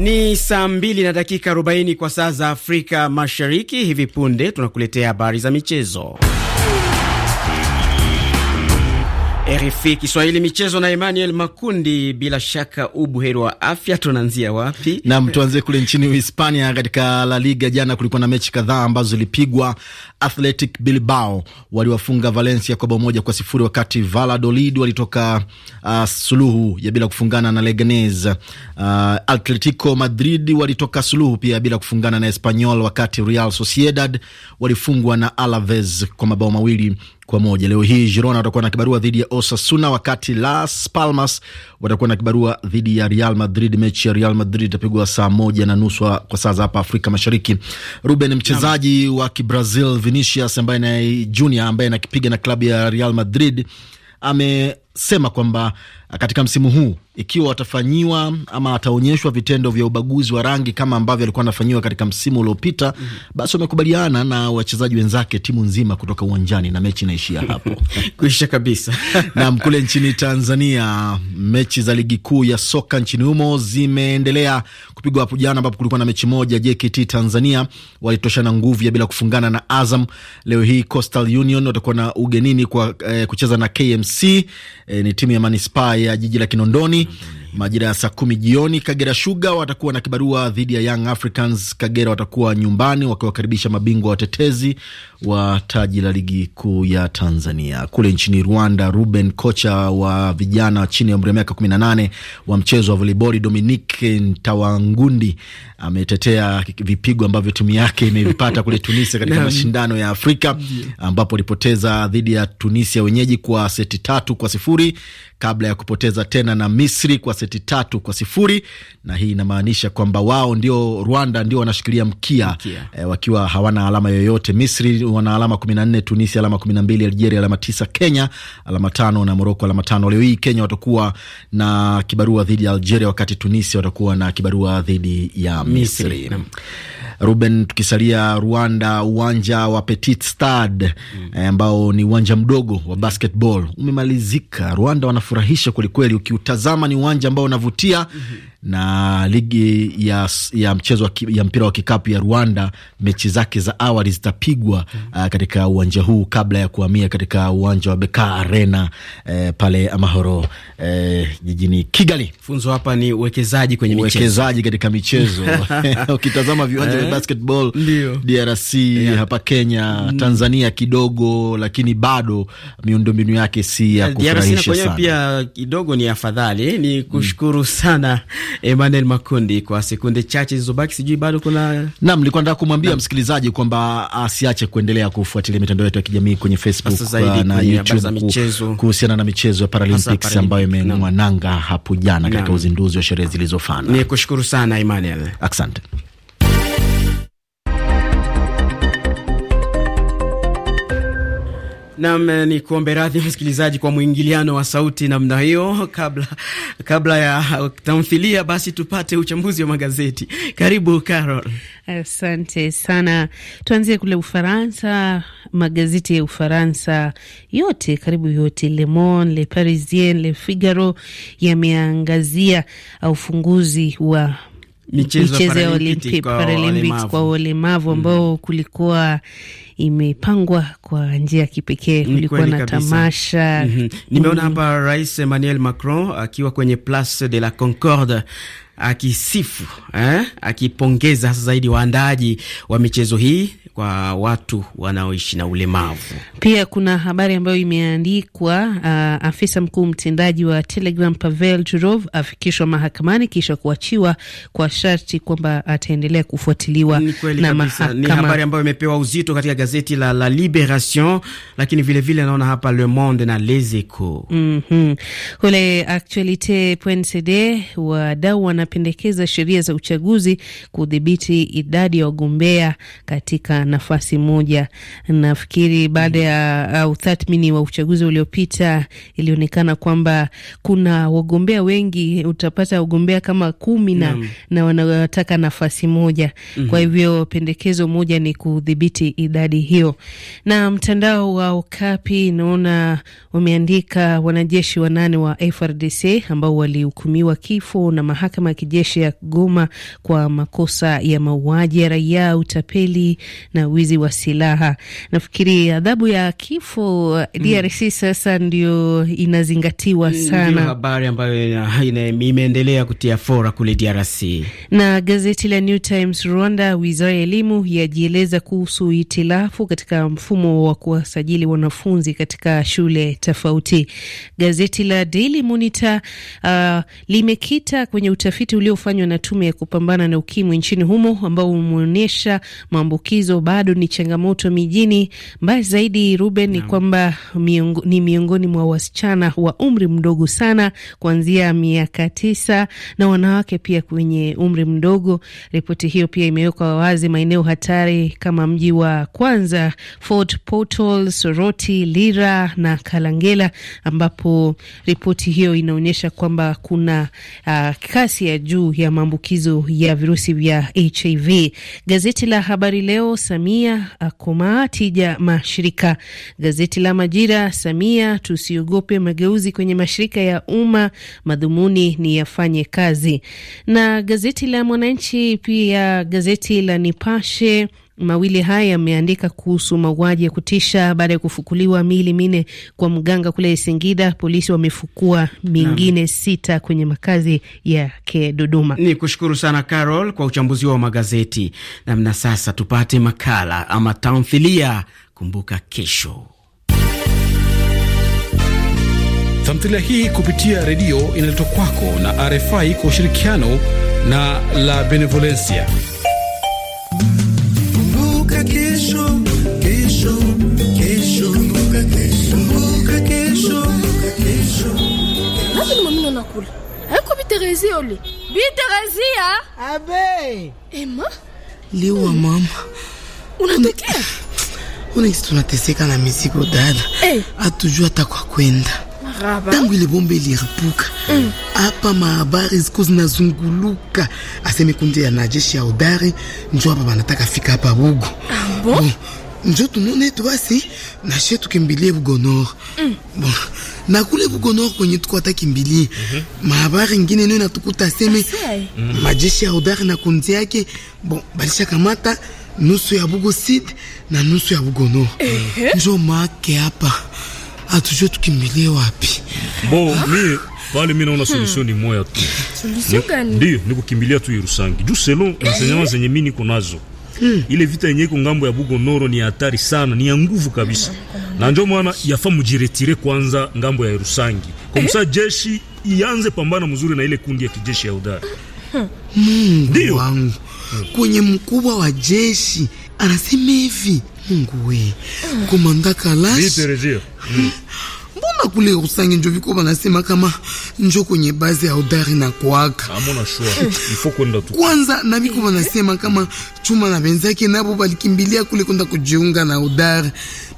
Ni saa mbili na dakika 4 kwa saa za Afrika Mashariki. Hivi punde tunakuletea habari za michezo. RFI Kiswahili michezo na Emmanuel Makundi. Bila shaka ubuheri wa afya, tunaanzia wapi? Nam, tuanzie kule nchini Uhispania. Katika La Liga jana kulikuwa na mechi kadhaa ambazo zilipigwa Athletic Bilbao waliwafunga Valencia kwa bao moja kwa sifuri wakati Valladolid walitoka uh, suluhu ya bila kufungana na Leganes. Uh, Atletico Madrid walitoka suluhu pia bila kufungana na Espanyol, wakati Real Sociedad walifungwa na Alaves kwa mabao mawili kwa moja. Leo hii Girona watakuwa na kibarua dhidi ya Osasuna, wakati Las Palmas watakuwa na kibarua dhidi ya Real Madrid. Mechi ya Real Madrid itapigwa saa moja na nusu kwa saa za hapa Afrika Mashariki. Ruben, mchezaji wa Kibrazil Vinicius ambaye na Junior ambaye anakipiga na klabu ya Real Madrid amesema kwamba katika msimu huu, ikiwa watafanyiwa ama wataonyeshwa vitendo vya ubaguzi wa rangi kama ambavyo alikuwa anafanyiwa katika msimu uliopita, mm -hmm. basi wamekubaliana na wachezaji wenzake, timu nzima kutoka uwanjani na mechi inaishia hapo kuisha kabisa. Nam, kule nchini Tanzania, mechi za ligi kuu ya soka nchini humo zimeendelea kupigwa hapo jana, ambapo kulikuwa na mechi moja, JKT Tanzania walitoshana nguvu ya bila kufungana na Azam. Leo hii Coastal Union watakuwa na ugenini kwa eh, kucheza na KMC eh, ni timu ya manispaa ya jiji la Kinondoni majira ya saa kumi jioni. Kagera Sugar watakuwa na kibarua dhidi ya Young Africans. Kagera watakuwa nyumbani wakiwakaribisha mabingwa watetezi wa taji la ligi kuu ya Tanzania. Kule nchini Rwanda, Ruben kocha wa vijana chini ya umri wa miaka 18 wa mchezo wa voliboli Dominic Ntawangundi ametetea vipigo ambavyo timu yake imevipata kule Tunisia katika mashindano ya Afrika ambapo alipoteza dhidi ya Tunisia wenyeji kwa seti tatu kwa sifuri kabla ya kupoteza tena na Misri kwa seti tatu kwa sifuri na hii inamaanisha kwamba wao ndio Rwanda ndio wanashikilia mkia, mkia. E, wakiwa hawana alama yoyote Misri wana alama 14, Tunisia alama 12, Algeria alama 9, Kenya alama tano na Moroko alama tano. Leo hii Kenya watakuwa na kibarua dhidi ya Algeria, wakati Tunisia watakuwa na kibarua dhidi ya Misri. Misri. Ruben, tukisalia Rwanda, uwanja wa Petit Stade mm. eh, ambao ni uwanja mdogo wa basketball umemalizika. Rwanda wanafurahisha kwelikweli, ukiutazama ni uwanja ambao unavutia mm -hmm. na ligi ya, ya mchezo ya mpira wa kikapu ya Rwanda mechi zake za awali zitapigwa mm -hmm. uh, katika uwanja huu kabla ya kuhamia katika uwanja wa Beka Arena eh, pale Amahoro eh, jijini Kigali. Funzo hapa ni uwekezaji kwenye michezo, uwekezaji katika michezo ukitazama viwanja eh. Eh? basketball DRC yeah. Hapa Kenya, mm. Tanzania kidogo, lakini bado miundombinu yake si ya eh, kufurahisha sana. Pia kidogo ni afadhali. Ni mm. kushukuru sana Emmanuel Makundi kwa sekunde chache zilizobaki, sijui bado kuna naam, nilikuwa nataka kumwambia msikilizaji kwamba asiache kuendelea kufuatilia mitandao yetu ya kijamii kwenye Facebook uh, na YouTube kuhusiana na michezo ya Paralympics ambayo imeng'ang'a nanga hapo jana katika uzinduzi wa sherehe zilizofana. Ni kushukuru sana Emmanuel, asante. Nam eh, ni kuombe radhi msikilizaji kwa mwingiliano wa sauti namna hiyo. Kabla kabla ya tamthilia, basi tupate uchambuzi wa magazeti. Karibu Carol. Asante sana. Tuanzie kule Ufaransa. Magazeti ya Ufaransa yote karibu yote, Le Monde, Le Parisien, Le Figaro yameangazia ufunguzi wa michezo ya Olympic Paralympics kwa walemavu mm. ambao mm. kulikuwa imepangwa kwa njia ya kipekee, kulikuwa na tamasha mm -hmm. Nimeona hapa mm. Rais Emmanuel Macron akiwa kwenye Place de la Concorde akisifu eh, akipongeza hasa zaidi waandaaji wa michezo hii kwa watu wanaoishi na ulemavu. Pia kuna habari ambayo imeandikwa uh, afisa mkuu mtendaji wa Telegram Pavel Durov afikishwa mahakamani kisha kuachiwa kwa sharti kwamba ataendelea kufuatiliwa na mahakama. Ni habari ambayo imepewa uzito katika gazeti la La Liberation, lakini vilevile naona hapa Le Monde na Les Echos mm -hmm. Kule Actualite CD wadau wanapendekeza sheria za uchaguzi kudhibiti idadi ya wagombea katika nafasi moja. Nafikiri baada ya uh, utathmini wa uchaguzi uliopita, ilionekana kwamba kuna wagombea wengi, utapata wagombea kama kumi na, na wanataka nafasi moja mm -hmm. Kwa hivyo pendekezo moja ni kudhibiti idadi hiyo. Na mtandao wa Okapi naona wameandika wanajeshi wanane wa FRDC ambao walihukumiwa kifo na mahakama ya kijeshi ya Goma kwa makosa ya mauaji ya raia, utapeli na wizi wa silaha. Nafikiri adhabu ya kifo DRC eh, mm. sasa ndio inazingatiwa sana, ndio habari ambayo imeendelea kutia fora kule DRC. Na gazeti la New Times Rwanda, wizara ya elimu yajieleza kuhusu itilafu katika mfumo wa kuwasajili wanafunzi katika shule tofauti. Gazeti la Daily Monitor uh, limekita kwenye utafiti uliofanywa na tume ya kupambana na ukimwi nchini humo ambao umeonyesha maambukizo bado ni changamoto mijini. Mbaya zaidi, Ruben, ni kwamba miongo, ni miongoni mwa wasichana wa umri mdogo sana kuanzia miaka tisa na wanawake pia kwenye umri mdogo. Ripoti hiyo pia imewekwa wazi maeneo hatari kama mji wa kwanza Fort Portal, Soroti, Lira na Kalangela, ambapo ripoti hiyo inaonyesha kwamba kuna uh, kasi ya juu ya maambukizo ya virusi vya HIV. Gazeti la Habari Leo Samia akomaa tija mashirika. Gazeti la Majira, Samia tusiogope mageuzi kwenye mashirika ya umma, madhumuni ni yafanye kazi. Na gazeti la Mwananchi pia gazeti la Nipashe Mawili haya yameandika kuhusu mauaji ya kutisha baada ya kufukuliwa miili minne kwa mganga kule Singida. Polisi wamefukua mingine sita kwenye makazi yake Dodoma. Ni kushukuru sana Carol kwa uchambuzi wa magazeti namna. Sasa tupate makala ama tamthilia. Kumbuka kesho Tamthilia hii kupitia redio inaletwa kwako na RFI kwa ushirikiano na La Benevolencia nakula haiko ole biterezia abe ema liwa mama unatokea una kisi tunateseka na mizigo dada hey. Eh. atujua hata kwa ntango ilibombeli ya ripuka mm. hapa mahabari ziko zinazunguluka, aseme kundi ya najeshi ya udari njo hapa banataka fika hapa Bugu. Ah, njo tunone etu basi nashe tukimbilie Bugo Mm. Bon, na kule Bugo kwenye tuko atakimbilie mm -hmm. mahabari ngine nio natukuta aseme ah, eh. mhm. majeshi ya udari na kundi yake bon balisha kamata nusu ya Bugo Sud na nusu ya Bugo Nord. njo make hapa hatujue tukimbilie wapi. Bo, mi pale mi naona solution ni moja tu. Solution gani? Ndio, ni kukimbilia tu Yerusalemu Juu selon eh. enseignement zenye mimi niko nazo. Hmm. Ile vita yenye iko ngambo ya Bugo Noro ni hatari sana, ni ya nguvu kabisa. Eh, na ndio maana yafaa mujiretire kwanza ngambo ya Irusangi. Kwa msa eh. jeshi ianze pambana mzuri na ile kundi ya kijeshi ya udara. Hmm. Mungu wangu. Kwenye mkubwa wa jeshi anasema hivi ngwe komanda kalashi mbona kule kusange njo vikoba nasema kama njo kwenye bazi ya udari na kwaka kwanza na vikoba nasema kama chuma na benzake nabo balikimbilia kule kwenda kujiunga na udari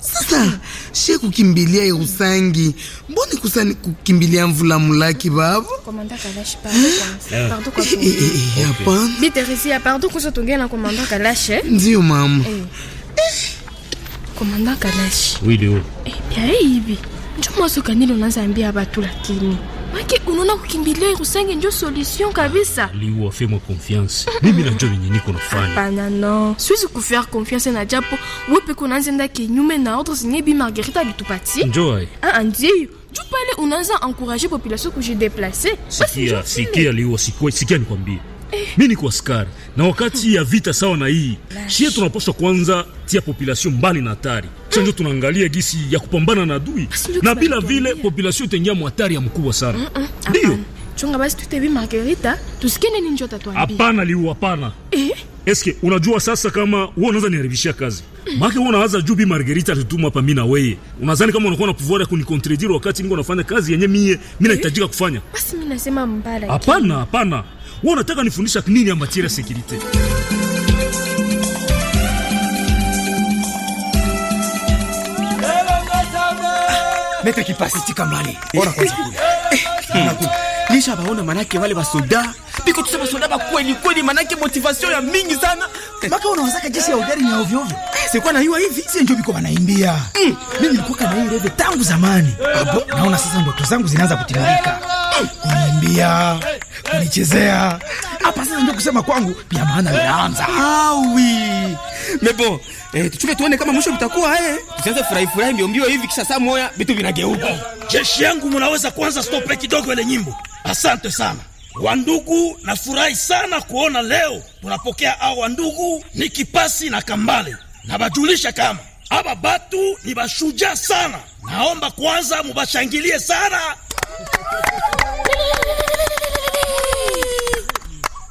sasa she kukimbilia Irusangi, mbone kusani kukimbilia mvula mulaki baba. Komanda Kalashi, pardon eh. eh, eh, kwa hapana. Bi Teresia, pardon kuzo tongea na Komanda Kalashi. Ndio mama. Hey komanda Kalashi. Oui, Leo. Eh, bia hivi. Eh, njoo mwanzo kanilo unaanza ambia watu lakini. Maki unaona kukimbilia Irusenge ndio solution kabisa. Ah, Leo fais confiance. Mimi najua nini niko nafanya. Hapana no. Siwezi kufaire confiance na japo wewe kunaanza nda kinyume na ordres zenye Bi Margarita alitupatia. Njoo ah, ah, ndio. Juu pale unaanza encourager population kujidéplacer. Sikia, sikia Leo, sikia nikwambie mi niko askari na wakati ya vita sawa na hii shie, tunapaswa kwanza tia populasion mbali na hatari. Sasa tunangalia tunaangalia gisi ya kupambana na adui, na bila vile population itaingia mwatari ya mkubwa sana. Mm, mm, ndio chunga basi, tutebi Margarita, tusikene ni njota tuambie hapana liu hapana eh? Eske unajua sasa kama wewe unaanza niharibishia kazi. Maana wewe unaanza juu bi Margarita alituma hapa mimi na wewe. Unadhani kama unakuwa na pouvoir ya kunicontredire wakati niko nafanya kazi yenye mie mimi nahitajika kufanya. Basi mimi nasema mbara Hapana, hapana. Wewe unataka nifundisha nini ya matiere security? Mete kipasi tika mlali. Ona kwanza. Eh, eh. Lisha baona manake wale wa soda. Biko tusema soda ba kweli kweli manake motivation ya mingi sana. Maka unawazaka jeshi ya udari ni ovyo ovyo. Sikuwa na hiwa hivi, si ndio biko wanaimbia. Mm. Mimi nilikuwa kana hiyo reve tangu zamani. Abo, naona sasa ndoto zangu zinaanza kutiririka. Mm. Kuniimbia, kunichezea. Hapa sasa ndio kusema kwangu pia maana inaanza. Awi. Mais bon, eh, tuchume tuone kama mwisho utakuwa eh. Tusianze furahi furahi mbio mbio hivi kisha saa moja vitu vinageuka jeshi yangu, munaweza kuanza stope kidogo ile nyimbo. Asante sana wandugu, nafurahi sana kuona leo tunapokea awa wandugu ni Kipasi na Kambale, nabajulisha kama aba batu ni bashujaa sana. Naomba kwanza mubashangilie sana.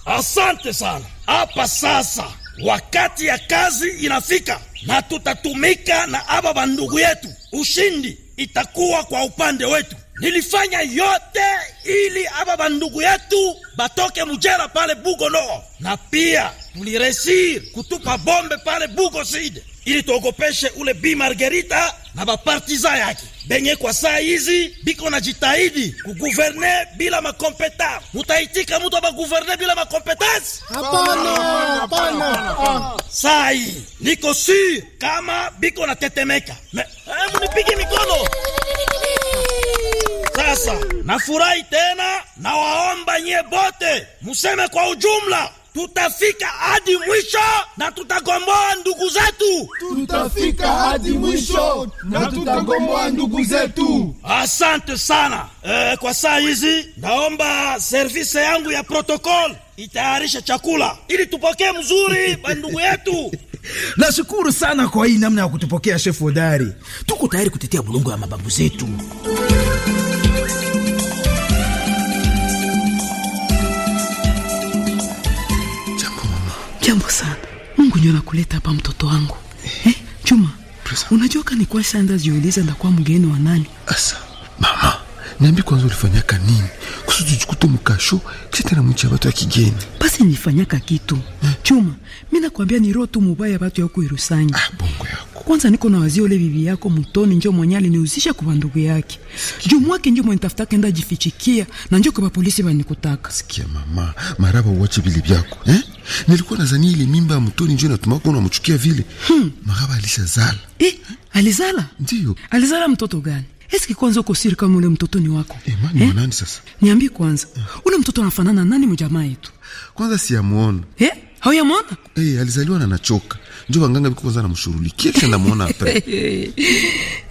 Asante sana. Hapa sasa wakati ya kazi inafika na tutatumika na aba bandugu yetu ushindi itakuwa kwa upande wetu. Nilifanya yote ili aba bandugu yetu wetu batoke mujera pale Bugo Nord, na pia tuliresir kutupa bombe pale Bugo Sud ili tuogopeshe ule Bi Margarita na bapartiza yake benye kwa saa hizi biko na jitahidi kuguverne bila makompetans. Mutaitika mutu abaguverne bila makompetansi? Hapana, hapana. Saa hii niko sur kama biko na tetemeka. Me, eh, munipigi mikono sasa nafurahi tena, nawaomba nyie bote museme kwa ujumla, tutafika hadi mwisho na tutagomboa ndugu zetu, tutafika hadi mwisho na tutagomboa ndugu zetu. Asante sana. E, kwa saa hizi naomba servise yangu ya protokol itayarisha chakula ili tupokee mzuri bandugu yetu. Nashukuru sana kwa hii namna ya kutupokea shefu Odari, Tuko tayari kutetea bulungu ya mababu zetu. Jambo sana. Mungu ndio nakuleta hapa mtoto wangu. Eh, Chuma. Presa. Unajua kani kwa sanda jiuliza ndakuwa mgeni wa nani? Asa. Mama, niambi kwanza ulifanyaka nini? Kusudi jikute mkasho kisha tena ya batu ya kigeni. Basi nilifanyaka kitu. eh? Chuma, mina nakwambia ni roho tu mubaya ya yako irusanyi Ah, bongo kwanza niko na wazio ule bibi yako mutoni njo mwenye alinihusisha kwa ndugu yake juu mwake njo mwenye tafuta kenda jifichikia na njo kwa polisi banikutaka. Sikia mama, maraba uache vile vyako eh? Nilikuwa nadhani ile mimba ya mutoni njo natuma kwa mchukia vile hmm. Maraba alishazala eh? Alizala ndio alizala mtoto gani? Eski kwanza uko siri kama ule mtoto ni wako eh, mani eh? Nani sasa Niambi kwanza uh. Ule mtoto anafanana nani mjamaa yetu? Kwanza siyamuona eh? Hauyamwona eh? Alizaliwa na nachoka njo wanganga biko kwanza namshurulikia kisha ndamuona apre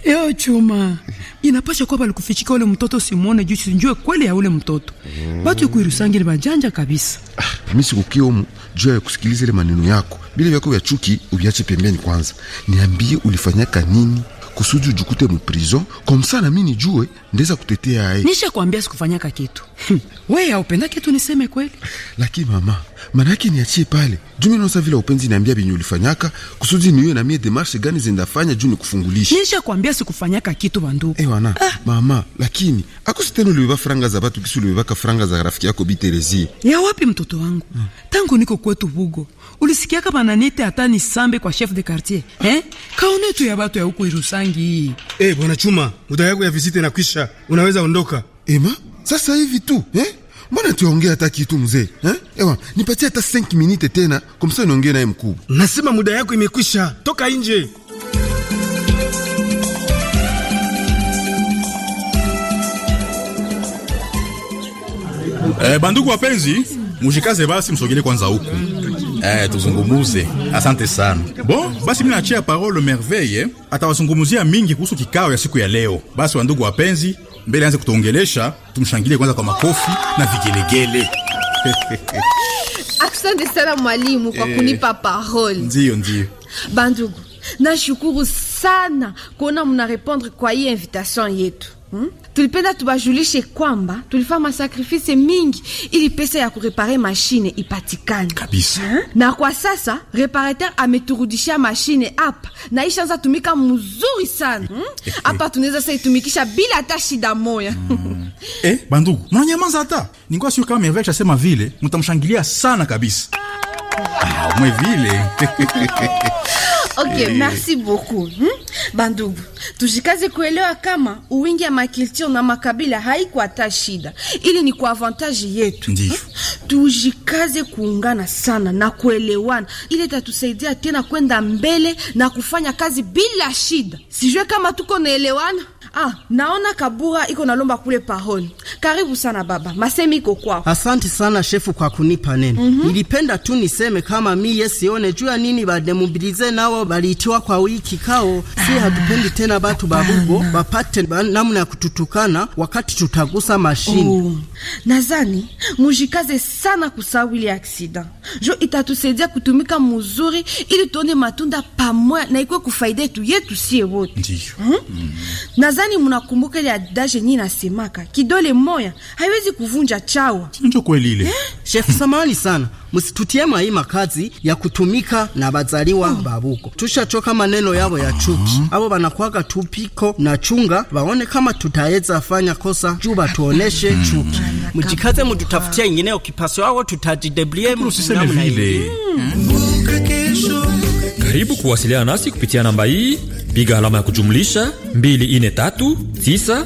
eo chuma inapasha kwa balikufichika kufichika ule mtoto simwone juu njue kweli ya ule mtoto mm. batu kuirusangi ni majanja kabisa ah, misi sikukia umu juu ya kusikiliza ile maneno yako bile vyako vya chuki uviache pembeni kwanza niambie ulifanyaka nini kusudi ujukute mu prison komsa na mimi nijue ndiza kutetea hai. Nisha kuambia sikufanyaka kitu. Hm. We aupenda kitu niseme kweli. Lakini mama, maana yake niachie pale. Jumi naosa vile upenzi niambia vinye ulifanyaka, kusudi niwe na mie demarche gani zindafanya juu nikufungulisha Nisha kuambia sikufanyaka kitu banduku. Eh wana, ah. Mama, lakini akusitena uliweva franga za watu kisi ulibebaka franga za rafiki yako Biterezie. Ya wapi mtoto wangu? Hmm. Tangu niko kwetu Bugo, ulisikiaka bananite hata ni sambe kwa chef de quartier. ah. Eh? Kaone tu ya watu ya huko Irusangi. hii Eh, bwana Chuma, muda yako ya visite na kwisha kisha unaweza ondoka. Ema, sasa hivi tu eh? Mbona tuongee hata kitu mzee eh? Ewa, nipatie hata 5 minute tena, kumsao niongee naye mkubwa. Nasema muda yako imekwisha, toka nje. Eh, banduku wapenzi, mushikaze basi, msogele kwanza huku Eh, tuzungumuze. Asante sana. Bon, basi mimi naachia parole Merveille eh. atawazungumuzia mingi kuhusu kikao ya siku ya leo. Basi wandugu wapenzi, mbele anze kutuongelesha, tumshangilie kwanza kwa makofi na vigelegele. Asante sana mwalimu kwa eh. kunipa parole. Ndio, ndio. Bandugu, nashukuru sana kuona mnarepondre kwa hii invitation yetu. Hmm? Tulipenda tubajulishe kwamba tulifanya masakrifisi mingi ili pesa ya kurepare mashine ipatikane kabisa, na kwa sasa reparateur ameturudishia mashine hapa na ishaanza tumika mzuri sana eh, eh, eh. hapa. Hmm? tunaweza sasa itumikisha bila hata shida moya. hmm. Eh, bandugu mnanyamaza, hata ningwa sio kama Merveille asema vile, mtamshangilia sana kabisa. ah, ah mwe vile Okay, hey. Merci beaucoup hmm? Bandugu, tujikaze kuelewa kama uwingi ya makilture na makabila haiko hata shida, ili ni kwa avantaji yetu hmm? Tujikaze kuungana sana na kuelewana, ili tatusaidia tena kwenda mbele na kufanya kazi bila shida. Sijue kama tuko naelewana. Ah, naona kabura iko nalomba kule pahoni. Karibu sana baba, masemi iko kwako. Asante sana shefu kwa kunipa neno. Mm -hmm. Nilipenda tu niseme kama mi yesione juu ya nini bademobilize nao balitiwa kwa wiki kikao si hatupendi tena batu babugo bapate namna ya kututukana wakati tutagusa mashini. Oh, nazani mujikaze sana kusahau ile aksida jo itatusaidia kutumika muzuri ili tuone matunda pamoja na ikuwe kufaida yetu yetu sie wote Hmm? Mm. Nazani munakumbuka ile adage nini nasemaka kidole moya haiwezi kuvunja chawa. Ndio kweli ile. Eh? Chef samani sana msitutie mwayi makazi ya kutumika na bazaliwa babuko. choka maneno yabo ya chuki, abo banakwaga tupiko na chunga, baone kama tutaweza fanya kosa tuoneshe mm. chuki. Mujikaze mututafutia ingine, ukipaswa wao tutajideblie namna ile. Karibu kuwasiliana nasi kupitia namba hii, piga alama ya kujumlisha 243 9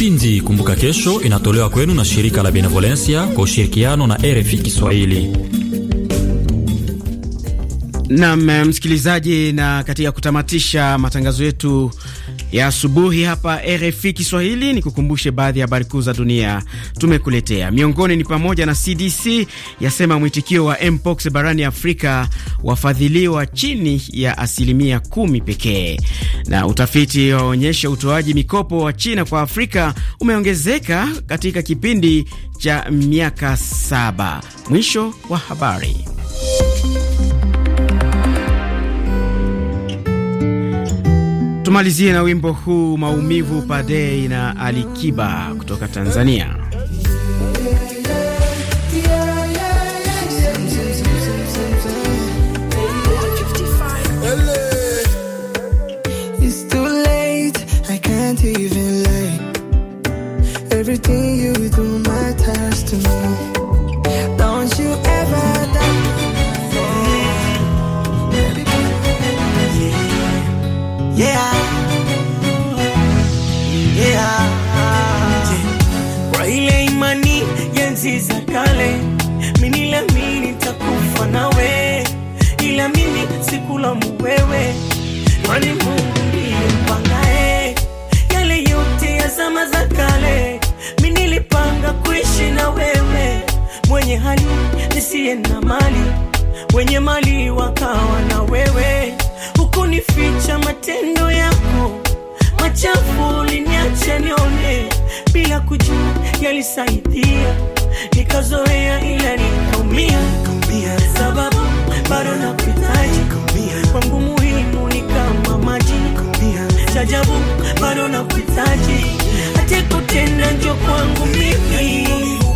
Kipindi Kumbuka Kesho inatolewa kwenu na shirika la Benevolencia kwa ushirikiano na RFI Kiswahili. nam msikilizaji, na katika kutamatisha matangazo yetu ya asubuhi hapa RFI Kiswahili. Ni kukumbushe baadhi ya habari kuu za dunia tumekuletea, miongoni ni pamoja na CDC yasema mwitikio wa mpox barani Afrika wafadhiliwa chini ya asilimia kumi pekee, na utafiti waonyesha utoaji mikopo wa China kwa Afrika umeongezeka katika kipindi cha miaka saba. Mwisho wa habari. Tumalizie na wimbo huu maumivu padei na Alikiba kutoka Tanzania. bila kujua yalisaidia, nikazoea ila nikaumia, sababu bado nakuhitaji kwangu, muhimu ni kama maji, chajabu bado nakuhitaji, hata kutenda njo kwangu mimi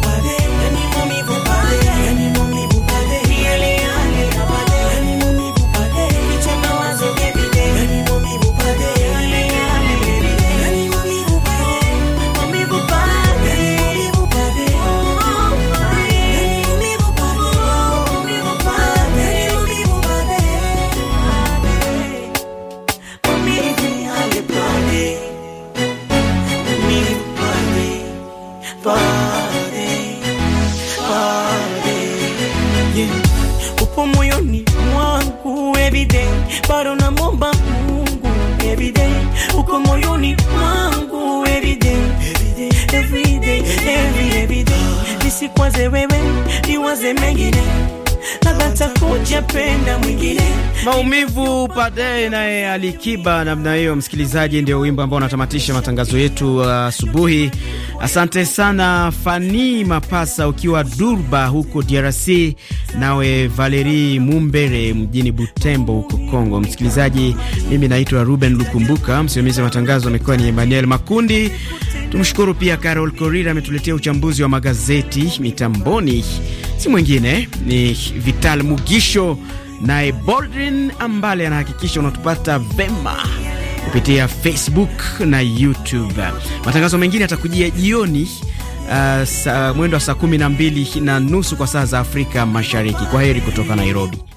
Super Day naye Alikiba namna hiyo. Msikilizaji, ndio wimbo ambao unatamatisha matangazo yetu uh, asubuhi. Uh, asante sana Fani Mapasa ukiwa Durba huko DRC, nawe valeri Mumbere mjini Butembo huko congo Msikilizaji, mimi naitwa Ruben Lukumbuka, msimamizi wa matangazo amekuwa ni Emmanuel Makundi. Tumshukuru pia Carol Corira ametuletea uchambuzi wa magazeti. Mitamboni si mwingine ni Vital Mugisho naye Boldrin Ambale anahakikisha unatupata vema kupitia Facebook na YouTube. Matangazo mengine yatakujia jioni uh, sa, mwendo wa saa kumi na mbili na nusu kwa saa za Afrika Mashariki. Kwa heri kutoka Nairobi.